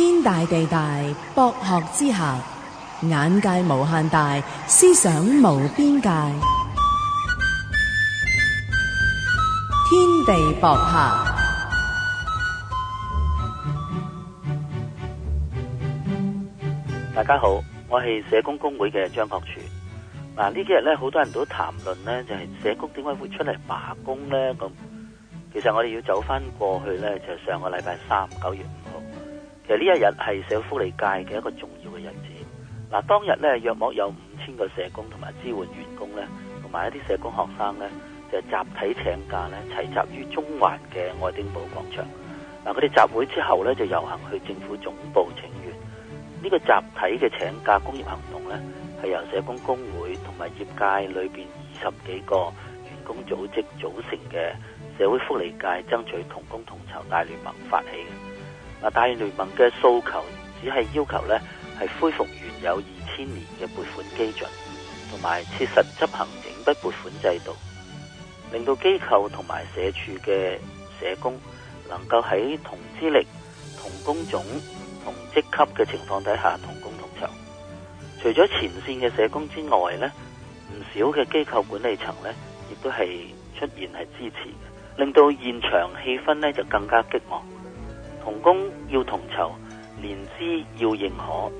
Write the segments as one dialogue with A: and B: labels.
A: 天大地大，博學之下，眼界無限大，思想無邊界。天地博客，大家好，我係社工工會嘅張國柱。嗱、啊，這幾呢幾日咧，好多人都談論咧，就係、是、社工點解會出嚟罷工咧？咁，其實我哋要走翻過去咧，就係、上個禮拜三，九月五號。其實呢一日係社會福利界嘅一個重要嘅日子。嗱，當日呢，約莫有五千個社工同埋支援員工呢同埋一啲社工學生呢，就集體請假呢齊集於中環嘅愛丁堡廣場。嗱，佢哋集會之後呢，就遊行去政府總部請願。呢、這個集體嘅請假工業行動呢，係由社工工會同埋業界裏邊二十幾個員工組織組成嘅社會福利界爭取同工同酬大聯盟發起嘅。啊！大聯盟嘅訴求只係要求咧，係恢復原有二千年嘅撥款基準，同埋切實執行整筆撥款制度，令到機構同埋社署嘅社工能夠喺同資歷、同工種、同職級嘅情況底下同工同酬。除咗前線嘅社工之外咧，唔少嘅機構管理層咧亦都係出現係支持嘅，令到現場氣氛咧就更加激昂。同工要同酬，年資要認可，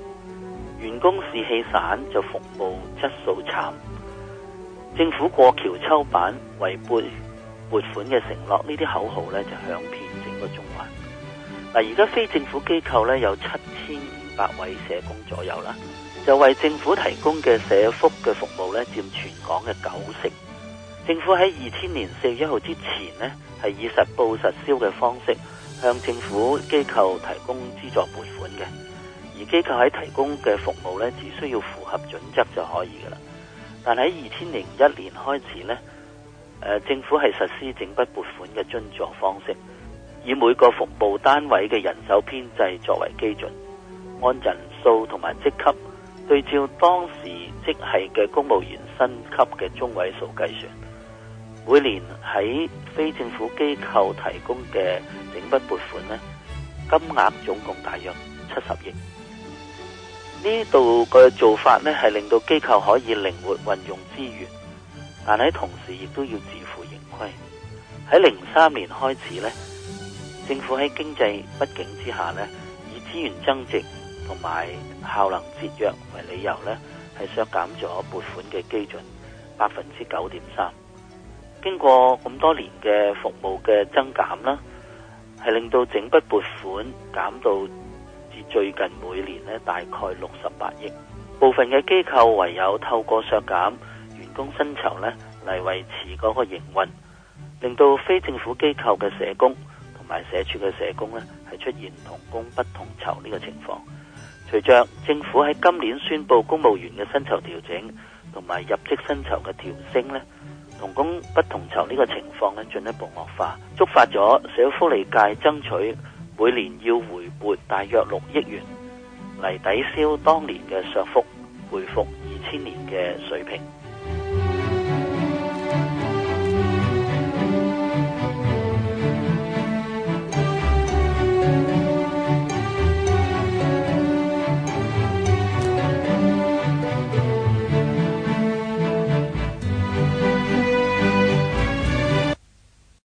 A: 員工士氣散就服務質素差，政府過橋抽板違背撥款嘅承諾，呢啲口號咧就響遍整個中環。嗱，而家非政府機構咧有七千五百位社工左右啦，就為政府提供嘅社福嘅服務咧佔全港嘅九成。政府喺二千年四月一號之前呢，係以實報實銷嘅方式。向政府機構提供資助撥款嘅，而機構喺提供嘅服務咧，只需要符合準則就可以㗎喇。但喺二千零一年開始呢、呃、政府係實施整筆撥款嘅津助方式，以每個服務單位嘅人手編制作為基準，按人數同埋職級對照當時即係嘅公務員薪級嘅中位數計算。每年喺非政府機構提供嘅整筆撥款咧，金額總共大約七十億。呢度嘅做法咧，係令到機構可以靈活運用資源，但係同時亦都要自負盈虧。喺零三年開始咧，政府喺經濟不景之下咧，以資源增值同埋效能節約為理由咧，係削減咗撥款嘅基準百分之九點三。經過咁多年嘅服務嘅增減啦，係令到整筆撥款減到至最近每年呢大概六十八億，部分嘅機構唯有透過削減員工薪酬呢嚟維持嗰個營運，令到非政府機構嘅社工同埋社署嘅社工呢係出現同工不同酬呢個情況。隨着政府喺今年宣布公務員嘅薪酬調整同埋入職薪酬嘅調升呢。同工不同酬呢個情況咧，進一步惡化，觸發咗社會福利界爭取每年要回撥大約六億元嚟抵消當年嘅削幅，回復二千年嘅水平。